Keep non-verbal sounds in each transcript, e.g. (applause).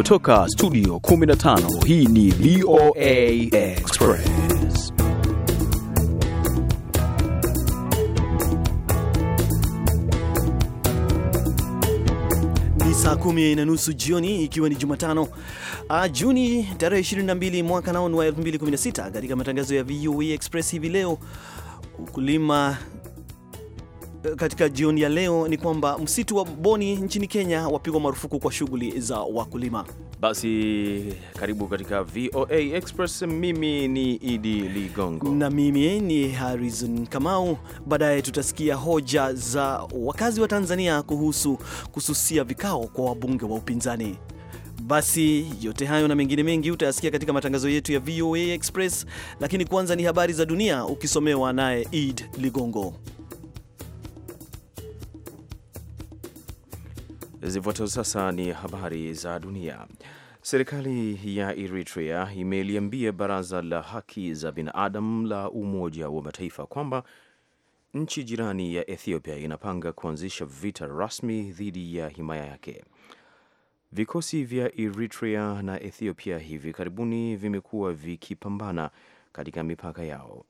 Kutoka studio 15 hii ni VOA Express. Ni saa kumi na nusu jioni ikiwa ni Jumatano ah, Juni tarehe 22 mwaka ni wa 2016. Katika matangazo ya VOA Express hivi leo, ukulima Eh, katika jioni ya leo ni kwamba msitu wa Boni nchini Kenya wapigwa marufuku kwa shughuli za wakulima. Basi karibu katika VOA Express. Mimi ni Idi Ligongo na mimi ni Harrison Kamau. Baadaye tutasikia hoja za wakazi wa Tanzania kuhusu kususia vikao kwa wabunge wa upinzani. Basi yote hayo na mengine mengi utayasikia katika matangazo yetu ya VOA Express, lakini kwanza ni habari za dunia ukisomewa naye id Ligongo. Zifuatazo sasa ni habari za dunia. Serikali ya Eritrea imeliambia baraza la haki za binadamu la Umoja wa Mataifa kwamba nchi jirani ya Ethiopia inapanga kuanzisha vita rasmi dhidi ya himaya yake. Vikosi vya Eritrea na Ethiopia hivi karibuni vimekuwa vikipambana katika mipaka yao.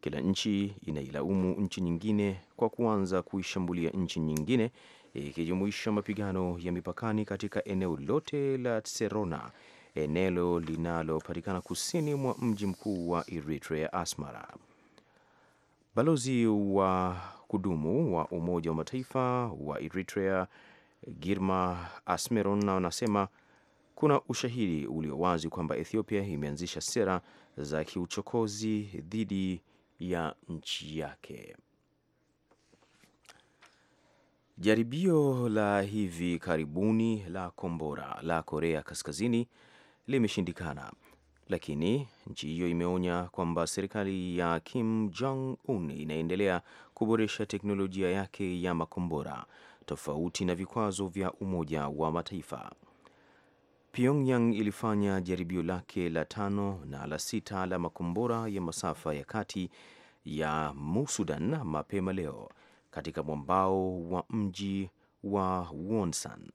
Kila nchi inailaumu nchi nyingine kwa kuanza kuishambulia nchi nyingine ikijumuisha mapigano ya mipakani katika eneo lote la serona eneo linalopatikana kusini mwa mji mkuu wa Eritrea, Asmara. Balozi wa kudumu wa Umoja wa Mataifa wa Eritrea Girma Asmeron anasema kuna ushahidi ulio wazi kwamba Ethiopia imeanzisha sera za kiuchokozi dhidi ya nchi yake. Jaribio la hivi karibuni la kombora la Korea Kaskazini limeshindikana, lakini nchi hiyo imeonya kwamba serikali ya Kim Jong Un inaendelea kuboresha teknolojia yake ya makombora tofauti na vikwazo vya Umoja wa Mataifa. Pyongyang ilifanya jaribio lake la tano na la sita la makombora ya masafa ya kati ya Musudan mapema leo katika mwambao wa mji wa Wonsan.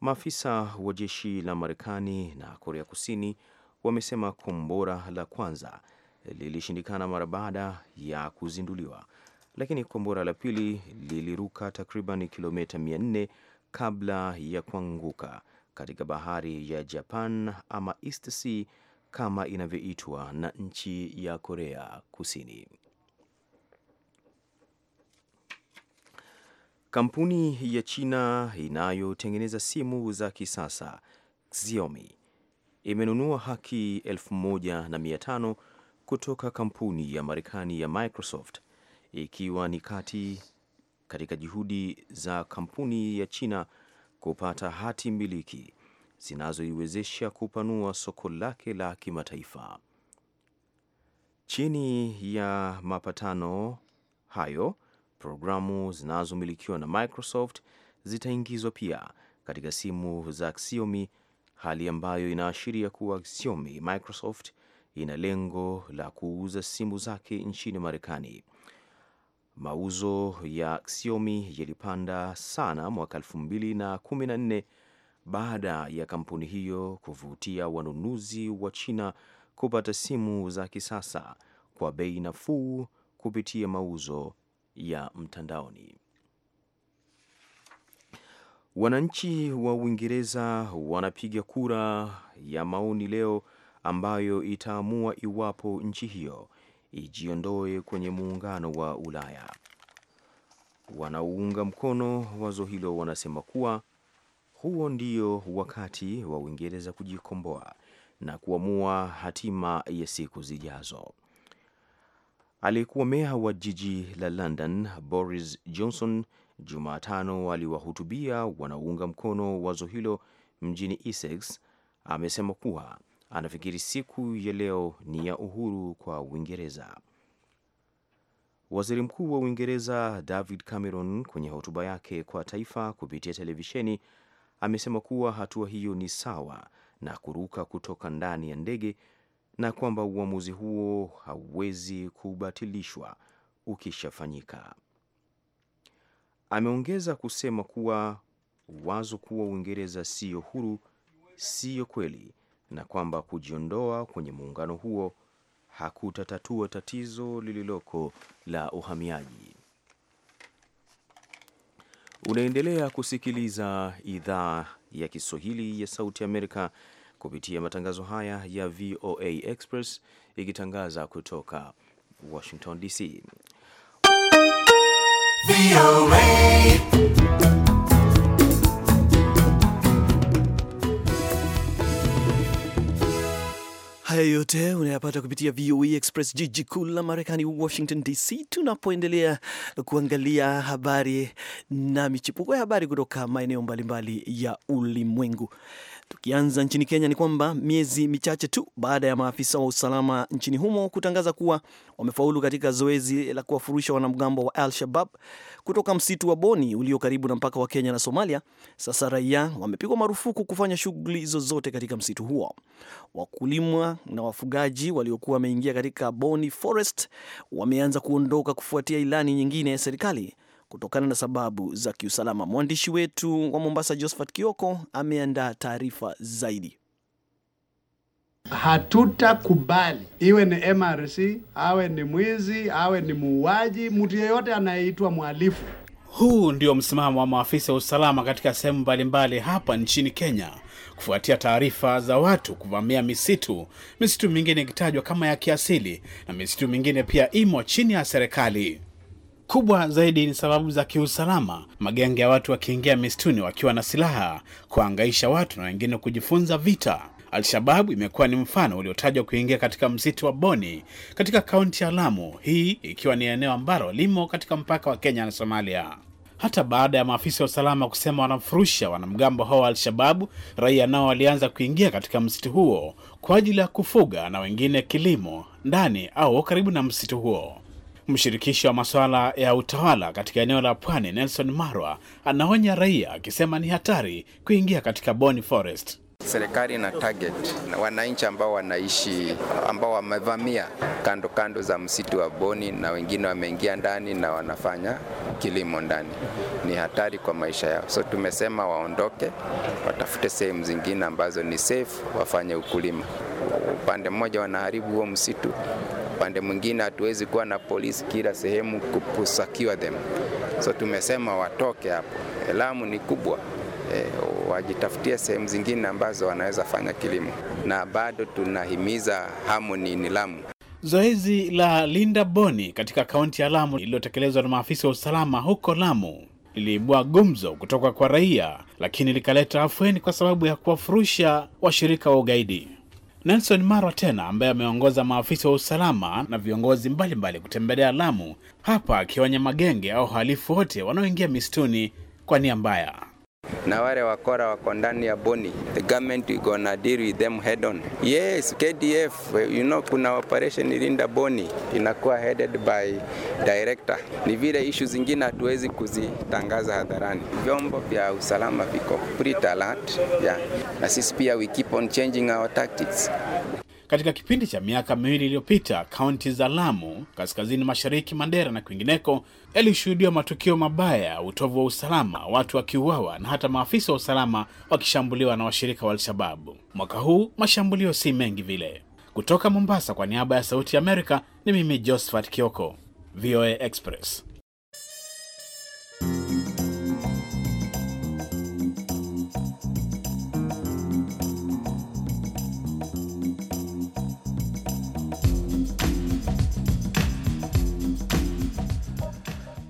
Maafisa wa jeshi la Marekani na Korea Kusini wamesema kombora la kwanza lilishindikana mara baada ya kuzinduliwa, lakini kombora la pili liliruka takriban kilomita 400 kabla ya kuanguka katika bahari ya Japan ama East Sea kama inavyoitwa na nchi ya Korea Kusini. Kampuni ya China inayotengeneza simu za kisasa Xiaomi imenunua haki 1500 kutoka kampuni ya Marekani ya Microsoft ikiwa ni kati katika juhudi za kampuni ya China kupata hati miliki zinazoiwezesha kupanua soko lake la kimataifa. Chini ya mapatano hayo Programu zinazomilikiwa na Microsoft zitaingizwa pia katika simu za Xiaomi, hali ambayo inaashiria kuwa Xiaomi Microsoft ina lengo la kuuza simu zake nchini Marekani. Mauzo ya Xiaomi yalipanda sana mwaka 2014 baada ya kampuni hiyo kuvutia wanunuzi wa China kupata simu za kisasa kwa bei nafuu kupitia mauzo ya mtandaoni. Wananchi wa Uingereza wanapiga kura ya maoni leo ambayo itaamua iwapo nchi hiyo ijiondoe kwenye muungano wa Ulaya. Wanaounga mkono wazo hilo wanasema kuwa huo ndio wakati wa Uingereza kujikomboa na kuamua hatima ya siku zijazo. Aliyekuwa meya wa jiji la London Boris Johnson Jumatano aliwahutubia wanaounga mkono wazo hilo mjini Essex. Amesema kuwa anafikiri siku ya leo ni ya uhuru kwa Uingereza. Waziri Mkuu wa Uingereza David Cameron kwenye hotuba yake kwa taifa kupitia televisheni amesema kuwa hatua hiyo ni sawa na kuruka kutoka ndani ya ndege na kwamba uamuzi huo hauwezi kubatilishwa ukishafanyika. Ameongeza kusema kuwa wazo kuwa Uingereza siyo huru siyo kweli na kwamba kujiondoa kwenye muungano huo hakutatatua tatizo lililoko la uhamiaji. Unaendelea kusikiliza idhaa ya Kiswahili ya Sauti Amerika kupitia matangazo haya ya VOA Express ikitangaza kutoka Washington DC. Haya yote unayapata kupitia VOA Express, jiji kuu la Marekani, Washington DC, tunapoendelea kuangalia habari na michipuko ya habari kutoka maeneo mbalimbali ya ulimwengu. Tukianza nchini Kenya ni kwamba miezi michache tu baada ya maafisa wa usalama nchini humo kutangaza kuwa wamefaulu katika zoezi la kuwafurusha wanamgambo wa Al-Shabab kutoka msitu wa Boni ulio karibu na mpaka wa Kenya na Somalia, sasa raia wamepigwa marufuku kufanya shughuli zozote katika msitu huo. Wakulima na wafugaji waliokuwa wameingia katika Boni Forest wameanza kuondoka kufuatia ilani nyingine ya serikali kutokana na sababu za kiusalama. Mwandishi wetu wa Mombasa, Josephat Kioko, ameandaa taarifa zaidi. Hatutakubali iwe ni MRC, awe ni mwizi, awe ni muuaji, mtu yeyote anayeitwa mhalifu. Huu ndio msimamo wa maafisa wa usalama katika sehemu mbalimbali hapa nchini Kenya, kufuatia taarifa za watu kuvamia misitu, misitu mingine ikitajwa kama ya kiasili na misitu mingine pia imo chini ya serikali. Kubwa zaidi ni sababu za kiusalama, magenge ya watu wakiingia misituni wakiwa na silaha kuangaisha watu na wengine kujifunza vita. al imekuwa ni mfano uliotajwa kuingia katika msitu wa Boni katika kaunti ya Lamu, hii ikiwa ni eneo ambalo limo katika mpaka wa Kenya na Somalia. Hata baada ya maafisa wa usalama kusema wanafurusha wanamgambo hao wa Al-Shababu, raia nao walianza kuingia katika msitu huo kwa ajili ya kufuga na wengine kilimo ndani au karibu na msitu huo. Mshirikishi wa masuala ya utawala katika eneo la Pwani, Nelson Marwa, anaonya raia akisema ni hatari kuingia katika Boni Forest serikali na target wananchi ambao wanaishi ambao wamevamia kando kando za msitu wa Boni na wengine wameingia ndani na wanafanya kilimo ndani, ni hatari kwa maisha yao. So tumesema waondoke, watafute sehemu zingine ambazo ni safe, wafanye ukulima. Upande mmoja wanaharibu huo msitu, upande mwingine hatuwezi kuwa na polisi kila sehemu kupusakiwa them. So tumesema watoke hapo. Elamu ni kubwa wajitafutia eh, wajitafutie sehemu zingine ambazo wanaweza fanya kilimo, na bado tunahimiza Harmony ni Lamu. Zoezi la Linda Boni katika kaunti ya Lamu lililotekelezwa na maafisa wa usalama huko Lamu liliibua gumzo kutoka kwa raia, lakini likaleta afueni kwa sababu ya kuwafurusha washirika wa ugaidi. Nelson Marwa tena ambaye ameongoza maafisa wa usalama na viongozi mbalimbali kutembelea Lamu, hapa akionya magenge au halifu wote wanaoingia misituni kwa nia mbaya na wale wakora wako ndani ya Boni, the government is gonna deal with them head on. Yes, KDF, you know, kuna operation ilinda Boni inakuwa headed by director. Ni vile issue zingine hatuwezi kuzitangaza hadharani, vyombo vya usalama viko pretty alert, yeah. Na sisi pia we keep on changing our tactics. Katika kipindi cha miaka miwili iliyopita, kaunti za Lamu, kaskazini mashariki, Mandera na kwingineko yalishuhudiwa matukio mabaya, utovu wa usalama, watu wakiuawa na hata maafisa wa usalama wakishambuliwa na washirika wa Alshababu. Mwaka huu mashambulio si mengi vile. Kutoka Mombasa, kwa niaba ya Sauti ya Amerika, ni mimi Josephat Kioko, VOA Express.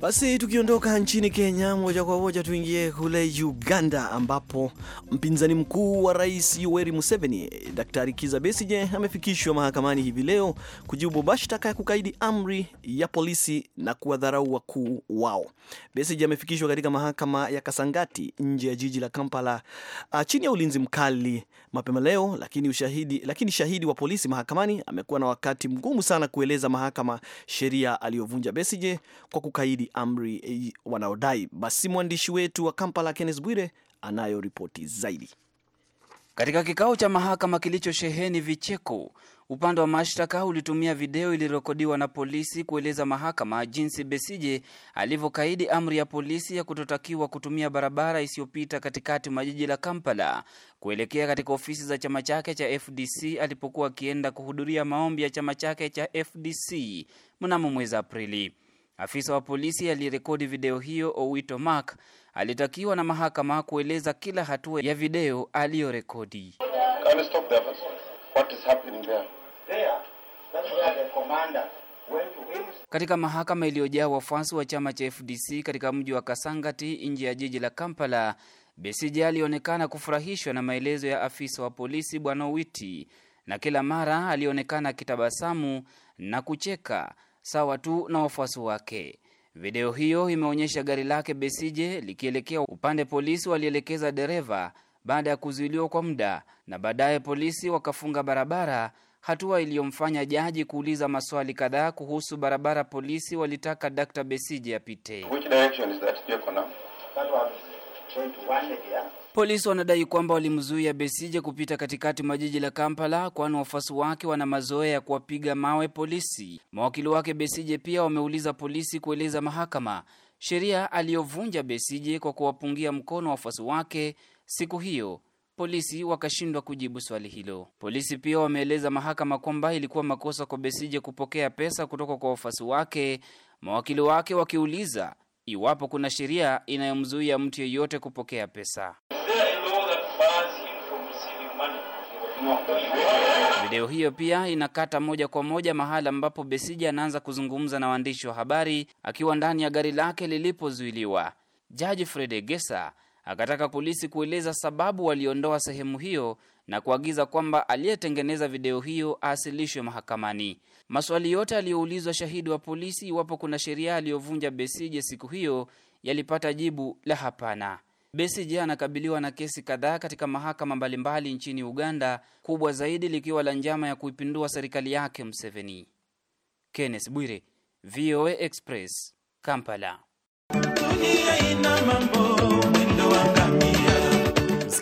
Basi tukiondoka nchini Kenya moja kwa moja tuingie kule Uganda ambapo mpinzani mkuu wa Rais Yoweri Museveni, Daktari kiza besije amefikishwa mahakamani hivi leo kujibu mashtaka ya kukaidi amri ya polisi na kuwadharau wakuu wao. Besigye amefikishwa katika mahakama ya Kasangati nje ya jiji la Kampala ah, chini ya ulinzi mkali mapema leo, lakini ushahidi, lakini shahidi wa polisi mahakamani amekuwa na wakati mgumu sana kueleza mahakama sheria aliyovunja Besigye kwa kukaidi amri eh, wanaodai. Basi mwandishi wetu wa Kampala Kenneth Bwire anayo ripoti zaidi. Katika kikao cha mahakama kilichosheheni vicheko, upande wa mashtaka ulitumia video iliyorekodiwa na polisi kueleza mahakama jinsi Besije alivyokaidi amri ya polisi ya kutotakiwa kutumia barabara isiyopita katikati mwa jiji la Kampala kuelekea katika ofisi za chama chake cha FDC alipokuwa akienda kuhudhuria maombi ya chama chake cha FDC mnamo mwezi Aprili. Afisa wa polisi aliyerekodi video hiyo Owito Mark alitakiwa na mahakama kueleza kila hatua ya video aliyorekodi. Katika mahakama iliyojaa wafuasi wa chama cha FDC katika mji wa Kasangati nje ya jiji la Kampala, Besigye alionekana kufurahishwa na maelezo ya afisa wa polisi Bwana Owiti, na kila mara alionekana akitabasamu na kucheka sawa tu na wafuasi wake. Video hiyo imeonyesha gari lake Besije likielekea upande polisi walielekeza dereva baada ya kuzuiliwa kwa muda na baadaye polisi wakafunga barabara, hatua iliyomfanya jaji kuuliza maswali kadhaa kuhusu barabara polisi walitaka Dr. Besije apite. Polisi wanadai kwamba walimzuia Besije kupita katikati mwa jiji la Kampala, kwani wafuasi wake wana mazoea ya kuwapiga mawe polisi. Mawakili wake Besije pia wameuliza polisi kueleza mahakama sheria aliyovunja Besije kwa kuwapungia mkono wafuasi wake siku hiyo. Polisi wakashindwa kujibu swali hilo. Polisi pia wameeleza mahakama kwamba ilikuwa makosa kwa Besije kupokea pesa kutoka kwa wafuasi wake, mawakili wake wakiuliza iwapo kuna sheria inayomzuia mtu yeyote kupokea pesa. Video hiyo pia inakata moja kwa moja mahala ambapo Besija anaanza kuzungumza na waandishi wa habari akiwa ndani ya gari lake lilipozuiliwa. Jaji Fred Gesa akataka polisi kueleza sababu waliondoa sehemu hiyo na kuagiza kwamba aliyetengeneza video hiyo aasilishwe mahakamani. Maswali yote aliyoulizwa shahidi wa polisi iwapo kuna sheria aliyovunja besije siku hiyo yalipata jibu la hapana. besije anakabiliwa na kesi kadhaa katika mahakama mbalimbali nchini Uganda, kubwa zaidi likiwa la njama ya kuipindua serikali yake Museveni. Kenneth Bwire, VOA Express, Kampala. Dunia ina mambo.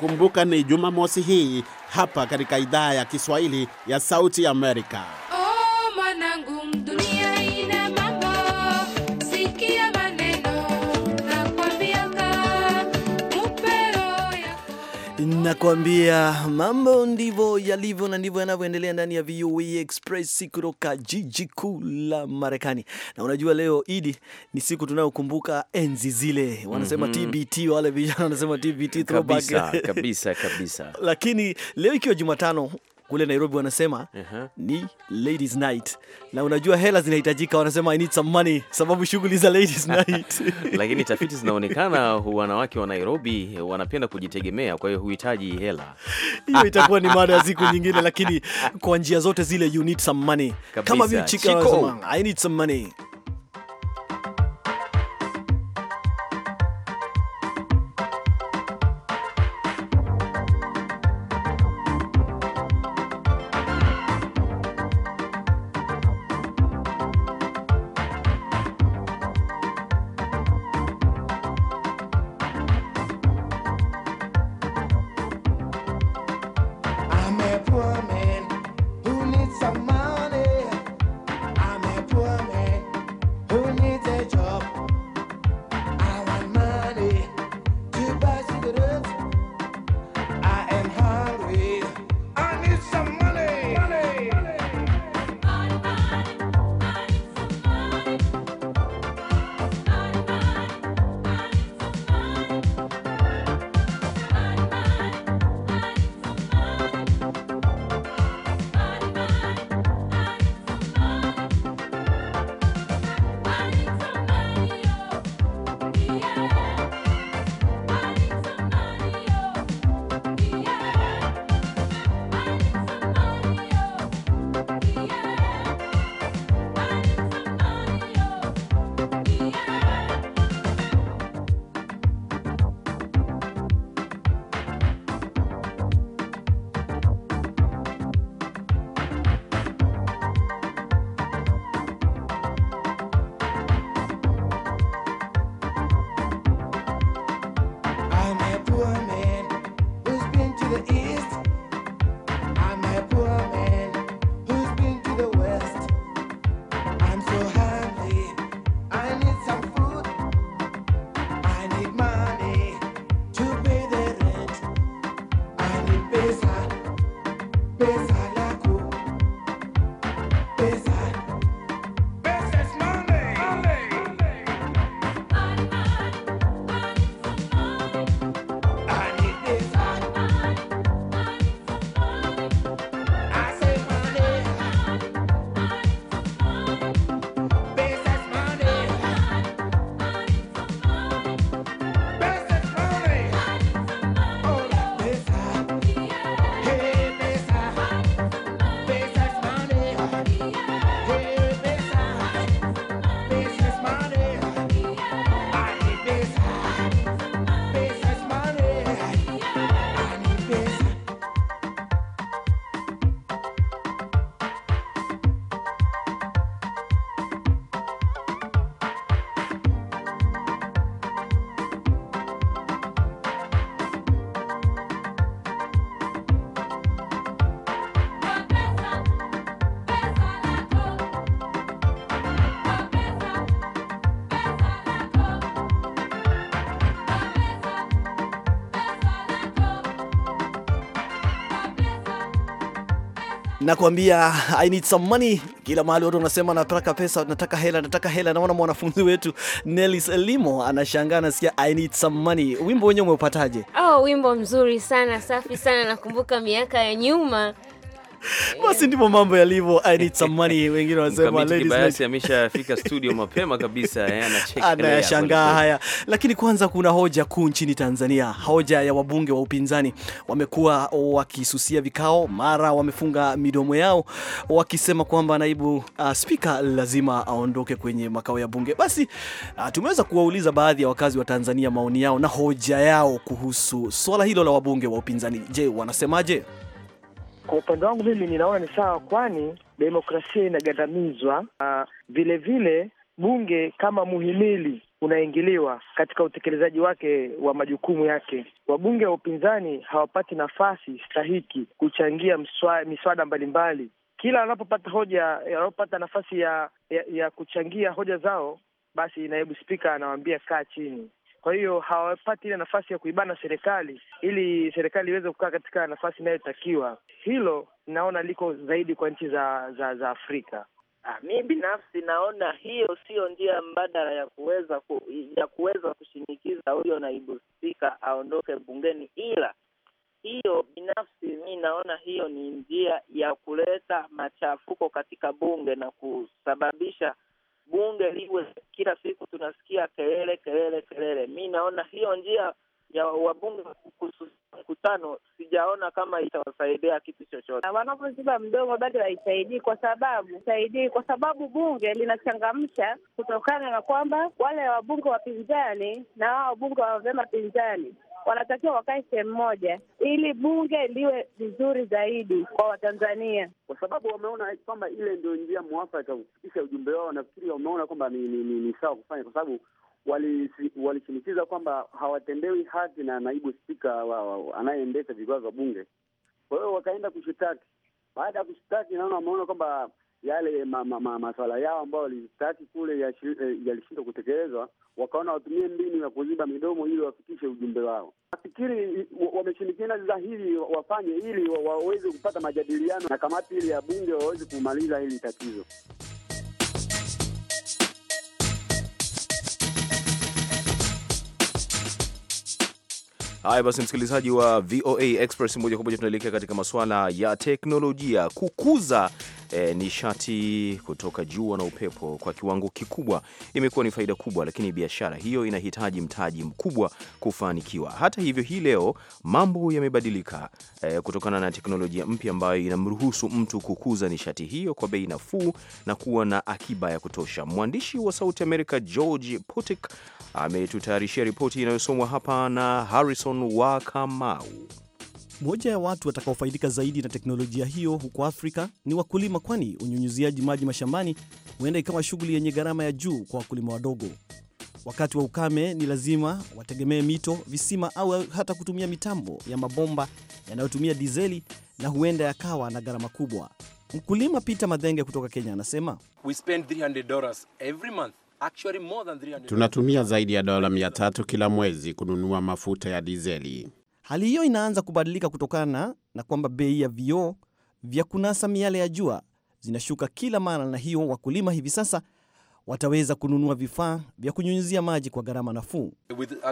Kumbuka ni Jumamosi hii hapa katika idhaa ya Kiswahili ya Sauti Amerika. Nakwambia mambo ndivyo yalivyo na ndivyo yanavyoendelea ndani ya VOA Express kutoka jiji kuu la Marekani. Na unajua leo Idi ni siku tunayokumbuka enzi zile, wanasema mm -hmm. TBT, wale vijana wanasema TBT throwback kabisa, kabisa, kabisa. (laughs) Lakini leo ikiwa Jumatano kule Nairobi wanasema uh -huh. ni ladies night, na unajua hela zinahitajika, wanasema I need some money, sababu shughuli za ladies (laughs) night lakini tafiti zinaonekana (laughs) wanawake wa Nairobi wanapenda kujitegemea, kwa hiyo huhitaji hela hiyo. (laughs) Itakuwa ni mada ya siku nyingine, lakini kwa njia zote zile you need some money. Kama vile chika wanasema I need some money nakwambia I need some money. Kila mahali watu wanasema nataka pesa, nataka hela, nataka hela. Naona mwanafunzi wetu Nelis Elimo anashangaa, anasikia I need some money. Wimbo wenyewe umeupataje? Oh, wimbo mzuri sana, safi sana. Nakumbuka miaka ya nyuma basi ndipo mambo yalivyo. I need some money. Wengine wanasema ladies ameshafika studio mapema kabisa, eh, (laughs) anayashangaa haya. Lakini kwanza, kuna hoja kuu nchini Tanzania, hoja ya wabunge wa upinzani. Wamekuwa wakisusia vikao, mara wamefunga midomo yao wakisema kwamba naibu uh, spika lazima aondoke kwenye makao ya bunge. Basi uh, tumeweza kuwauliza baadhi ya wakazi wa Tanzania maoni yao na hoja yao kuhusu swala hilo la wabunge wa upinzani. Je, wanasemaje? Kwa upande wangu mimi ninaona ni sawa, kwani demokrasia inagandamizwa. Vilevile bunge kama muhimili unaingiliwa katika utekelezaji wake wa majukumu yake. Wabunge wa upinzani hawapati nafasi stahiki kuchangia miswada mbalimbali. Kila wanapopata hoja, wanapopata nafasi ya, ya, ya kuchangia hoja zao, basi naibu spika anawaambia kaa chini. Kwa hiyo hawapati ile nafasi ya kuibana serikali ili serikali iweze kukaa katika nafasi inayotakiwa. Hilo naona liko zaidi kwa nchi za, za, za Afrika. Ah, mi binafsi naona hiyo siyo njia mbadala ya kuweza ku, ya kuweza kushinikiza huyo naibu spika aondoke bungeni, ila hiyo binafsi mi naona hiyo ni njia ya kuleta machafuko katika bunge na kusababisha bunge liwe kila siku tunasikia kelele kelele kelele. Mi naona hiyo njia ya wabunge kususia mkutano, sijaona kama itawasaidia kitu chochote. Wanavyoziba mdomo bado haisaidii, kwa sababu saidii, kwa sababu bunge linachangamsha kutokana na kwamba wale wabunge wapinzani na wao wabunge wa vyama pinzani wanatakiwa wakae sehemu moja, ili bunge liwe vizuri zaidi kwa Watanzania, kwa sababu wameona kwamba ile ndio njia mwafaka kufikisha ujumbe wao. Nafikiri wameona kwamba ni, ni, ni, ni sawa kufanya, kwa sababu walishinikiza wali kwamba hawatendewi haki na naibu spika anayeendesha vikao vya bunge. Kwa hiyo wakaenda kushitaki. Baada ya kushitaki, naona wameona kwamba yale ma, ma, ma, maswala yao ambayo walistaki kule eh, yalishindwa kutekelezwa, wakaona watumie mbinu ya kuziba midomo ili wafikishe ujumbe wao. Nafikiri wameshindikana zahiri wafanye ili waweze kupata majadiliano na kamati ile ya bunge waweze kumaliza hili tatizo. Haya basi, msikilizaji wa VOA Express, moja kwa moja tunaelekea katika masuala ya teknolojia kukuza e, eh, nishati kutoka jua na upepo kwa kiwango kikubwa imekuwa ni faida kubwa, lakini biashara hiyo inahitaji mtaji mkubwa kufanikiwa. Hata hivyo, hii leo mambo yamebadilika e, kutokana na teknolojia mpya ambayo inamruhusu mtu kukuza nishati hiyo kwa bei nafuu na kuwa na akiba ya kutosha. Mwandishi wa Sauti Amerika George Putik ametutayarishia ripoti inayosomwa hapa na Harrison wa Kamau. Moja ya watu watakaofaidika zaidi na teknolojia hiyo huko Afrika ni wakulima, kwani unyunyuziaji maji mashambani huenda ikawa shughuli yenye gharama ya juu kwa wakulima wadogo. Wakati wa ukame, ni lazima wategemee mito, visima au hata kutumia mitambo ya mabomba yanayotumia dizeli na huenda yakawa na gharama kubwa. Mkulima Peter Madhenge kutoka Kenya anasema We spend $300 every month. Actually, more than $300. Tunatumia zaidi ya dola mia tatu kila mwezi kununua mafuta ya dizeli. Hali hiyo inaanza kubadilika kutokana na kwamba bei ya vioo vya kunasa miale ya jua zinashuka kila mara, na hiyo wakulima hivi sasa wataweza kununua vifaa vya kunyunyizia maji kwa gharama nafuu. Uh,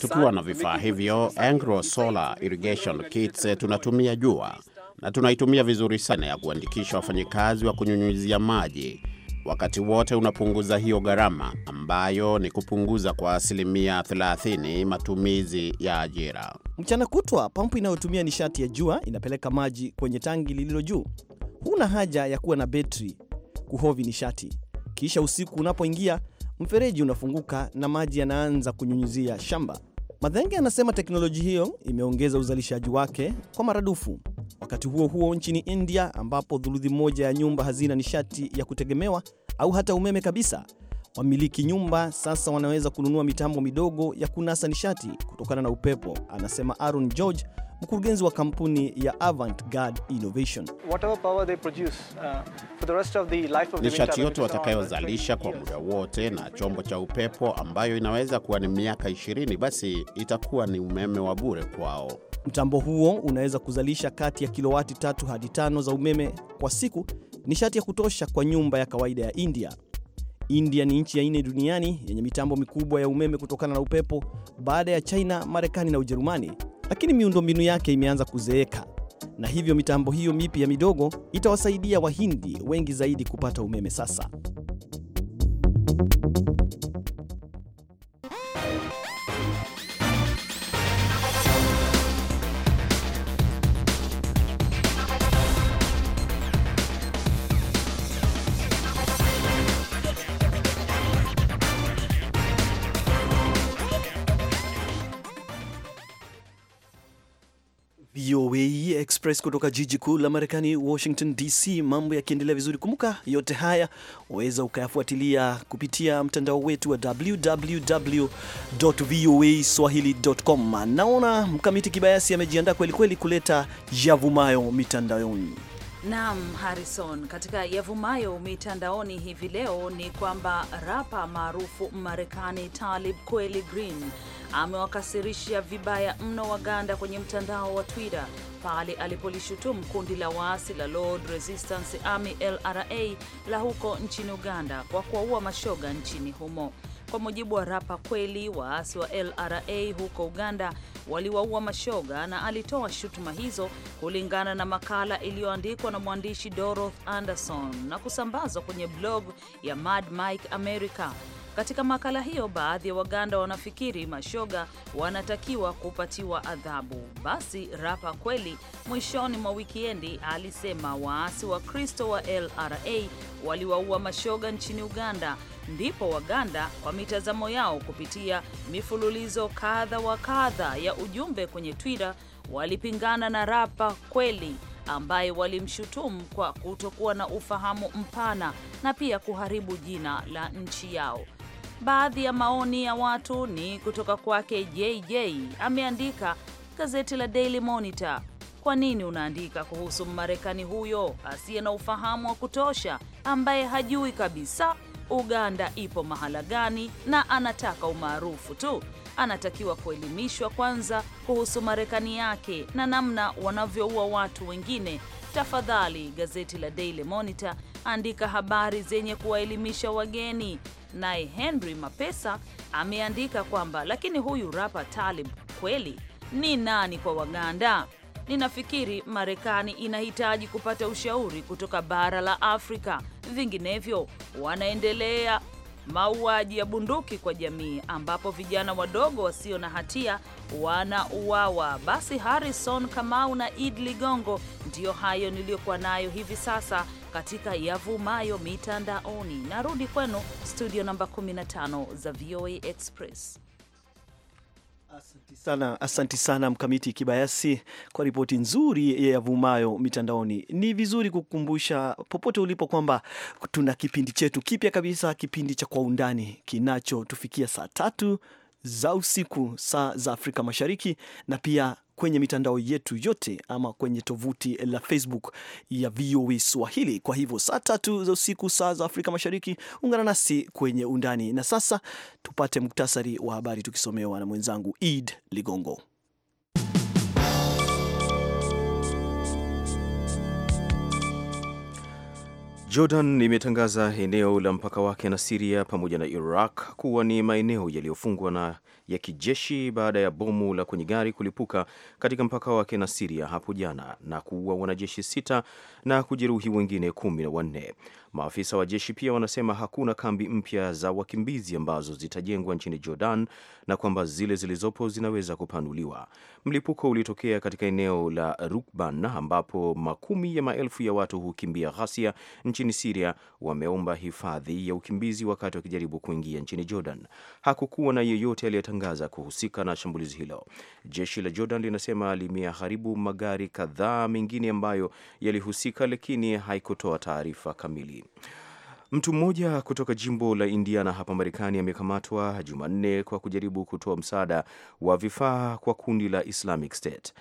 Tukiwa na vifaa hivyo Angro Solar Irrigation Kits, uh, tunatumia jua na tunaitumia vizuri sana ya kuandikisha wafanyikazi wa kunyunyizia maji wakati wote unapunguza hiyo gharama ambayo ni kupunguza kwa asilimia 30 matumizi ya ajira. Mchana kutwa pampu inayotumia nishati ya jua inapeleka maji kwenye tangi lililo juu. Huna haja ya kuwa na betri kuhovi nishati. Kisha usiku unapoingia, mfereji unafunguka na maji yanaanza kunyunyizia shamba. Madhenge anasema teknoloji hiyo imeongeza uzalishaji wake kwa maradufu. Wakati huo huo, nchini India ambapo dhuludhi moja ya nyumba hazina nishati ya kutegemewa, au hata umeme kabisa, wamiliki nyumba sasa wanaweza kununua mitambo midogo ya kunasa nishati kutokana na upepo, anasema Aaron George, mkurugenzi wa kampuni ya Avantgarde Innovation. Uh, nishati yote watakayozalisha kwa muda wote na chombo cha upepo ambayo inaweza kuwa ni miaka 20, basi itakuwa ni umeme wa bure kwao. Mtambo huo unaweza kuzalisha kati ya kilowati tatu hadi tano za umeme kwa siku nishati ya kutosha kwa nyumba ya kawaida ya India. India ni nchi ya nne duniani yenye mitambo mikubwa ya umeme kutokana na upepo baada ya China, Marekani na Ujerumani, lakini miundombinu yake imeanza kuzeeka na hivyo mitambo hiyo mipya midogo itawasaidia Wahindi wengi zaidi kupata umeme sasa. Express kutoka jiji kuu la Marekani, Washington DC. Mambo yakiendelea vizuri, kumbuka yote haya waweza ukayafuatilia kupitia mtandao wetu wa www.voaswahili.com. Naona mkamiti kibayasi amejiandaa kwelikweli kuleta yavumayo mitandaoni. Naam, Harrison, katika yavumayo mitandaoni hivi leo ni kwamba rapa maarufu Marekani Talib Kweli Green amewakasirisha vibaya mno Waganda kwenye mtandao wa Twitter pale alipolishutumu kundi la waasi la Lord Resistance Army LRA la huko nchini Uganda kwa kuwaua mashoga nchini humo. Kwa mujibu wa rapa Kweli, waasi wa LRA huko Uganda waliwaua mashoga, na alitoa shutuma hizo kulingana na makala iliyoandikwa na mwandishi Dorothy Anderson na kusambazwa kwenye blog ya Mad Mike America katika makala hiyo, baadhi ya Waganda wanafikiri mashoga wanatakiwa kupatiwa adhabu. Basi rapa kweli mwishoni mwa wikiendi alisema waasi wa Kristo wa LRA waliwaua mashoga nchini Uganda. Ndipo Waganda kwa mitazamo yao kupitia mifululizo kadha wa kadha ya ujumbe kwenye Twitter walipingana na rapa kweli ambaye walimshutumu kwa kutokuwa na ufahamu mpana na pia kuharibu jina la nchi yao. Baadhi ya maoni ya watu ni kutoka kwake JJ, ameandika gazeti la Daily Monitor. Kwa nini unaandika kuhusu Mmarekani huyo asiye na ufahamu wa kutosha ambaye hajui kabisa Uganda ipo mahala gani na anataka umaarufu tu? Anatakiwa kuelimishwa kwanza kuhusu Marekani yake na namna wanavyoua watu wengine. Tafadhali, gazeti la Daily Monitor, andika habari zenye kuwaelimisha wageni Naye Henry Mapesa ameandika kwamba lakini huyu rapa Talib kweli ni nani kwa Waganda? Ninafikiri Marekani inahitaji kupata ushauri kutoka bara la Afrika, vinginevyo wanaendelea mauaji ya bunduki kwa jamii ambapo vijana wadogo wasio na hatia wanauawa. Basi Harrison Kamau na Id Ligongo, ndiyo hayo niliyokuwa nayo hivi sasa katika yavumayo mitandaoni. Narudi kwenu studio namba 15 za VOA Express. Asanti sana, asanti sana Mkamiti Kibayasi kwa ripoti nzuri ya yavumayo mitandaoni. Ni vizuri kukumbusha popote ulipo kwamba tuna kipindi chetu kipya kabisa, kipindi cha Kwa Undani kinachotufikia saa tatu za usiku saa za Afrika Mashariki na pia kwenye mitandao yetu yote ama kwenye tovuti la Facebook ya VOA Swahili. Kwa hivyo saa tatu za usiku saa za Afrika Mashariki ungana nasi kwenye undani. Na sasa tupate muktasari wa habari tukisomewa na mwenzangu Eid Ligongo. Jordan imetangaza eneo la mpaka wake na Siria pamoja na Iraq kuwa ni maeneo yaliyofungwa na ya kijeshi baada ya bomu la kwenye gari kulipuka katika mpaka wake na Siria hapo jana na kuua wanajeshi sita na kujeruhi wengine kumi na wanne. Maafisa wa jeshi pia wanasema hakuna kambi mpya za wakimbizi ambazo zitajengwa nchini Jordan na kwamba zile zilizopo zinaweza kupanuliwa. Mlipuko ulitokea katika eneo la Rukban ambapo makumi ya maelfu ya watu hukimbia ghasia nchini nchini Siria wameomba hifadhi ya ukimbizi wakati wakijaribu kuingia nchini Jordan. Hakukuwa na yeyote aliyetangaza kuhusika na shambulizi hilo. Jeshi la Jordan linasema limeharibu magari kadhaa mengine ambayo yalihusika, lakini haikutoa taarifa kamili. Mtu mmoja kutoka jimbo la Indiana hapa Marekani amekamatwa Jumanne kwa kujaribu kutoa msaada wa vifaa kwa kundi la Islamic State.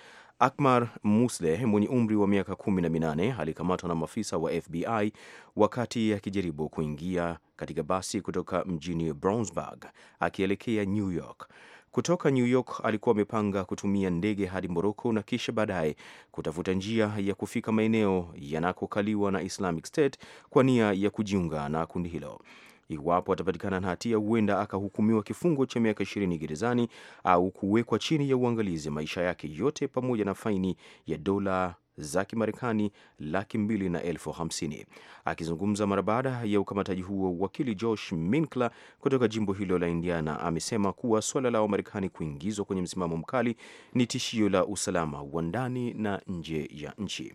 Akmar Musle mwenye umri wa miaka kumi na minane alikamatwa na maafisa wa FBI wakati akijaribu kuingia katika basi kutoka mjini Brownsburg akielekea New York. Kutoka New York alikuwa amepanga kutumia ndege hadi Moroko na kisha baadaye kutafuta njia ya kufika maeneo yanakokaliwa na Islamic State kwa nia ya kujiunga na kundi hilo. Iwapo atapatikana na hatia, huenda akahukumiwa kifungo cha miaka ishirini gerezani au kuwekwa chini ya uangalizi maisha yake yote pamoja na faini ya dola za Kimarekani laki mbili na elfu hamsini. Akizungumza mara baada ya ukamataji huo, wakili Josh Minkla kutoka jimbo hilo la Indiana amesema kuwa suala la Wamarekani kuingizwa kwenye msimamo mkali ni tishio la usalama wa ndani na nje ya nchi.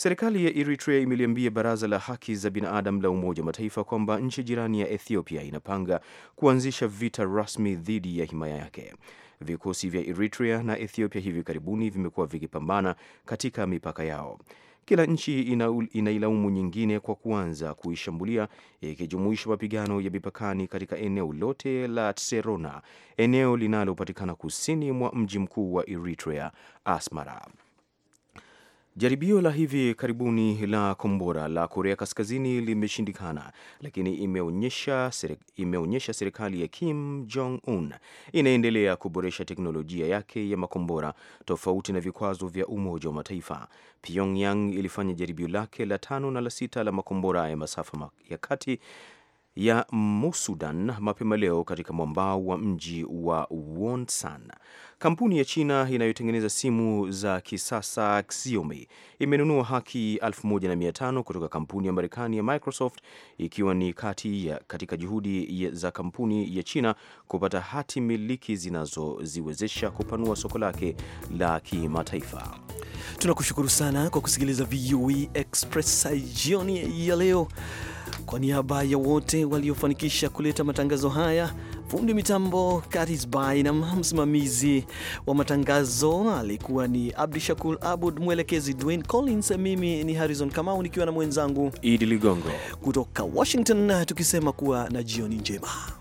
Serikali ya Eritrea imeliambia baraza la haki za binadamu la Umoja wa Mataifa kwamba nchi jirani ya Ethiopia inapanga kuanzisha vita rasmi dhidi ya himaya yake. Vikosi vya Eritrea na Ethiopia hivi karibuni vimekuwa vikipambana katika mipaka yao. Kila nchi inailaumu nyingine kwa kuanza kuishambulia, ikijumuisha mapigano ya mipakani katika eneo lote la Tserona, eneo linalopatikana kusini mwa mji mkuu wa Eritrea, Asmara. Jaribio la hivi karibuni la kombora la Korea Kaskazini limeshindikana, lakini imeonyesha imeonyesha serikali ya Kim Jong Un inaendelea kuboresha teknolojia yake ya makombora tofauti na vikwazo vya Umoja wa Mataifa. Pyongyang ilifanya jaribio lake la tano na la sita la makombora ya masafa ya kati ya Musudan mapema leo katika mwambao wa mji wa Wonsan. Kampuni ya China inayotengeneza simu za kisasa Xiaomi imenunua haki 1500 kutoka kampuni ya Marekani ya Microsoft ikiwa ni kati ya katika juhudi za kampuni ya China kupata hati miliki zinazoziwezesha kupanua soko lake la kimataifa. Tunakushukuru sana kwa kusikiliza VOA e Express jioni ya leo. Kwa niaba ya wote waliofanikisha kuleta matangazo haya, fundi mitambo Karis Bay na msimamizi wa matangazo alikuwa ni Abdi Shakur Abud, mwelekezi Dwayne Collins, mimi ni Harrison Kamau nikiwa na mwenzangu Idi Ligongo kutoka Washington, tukisema kuwa na jioni njema.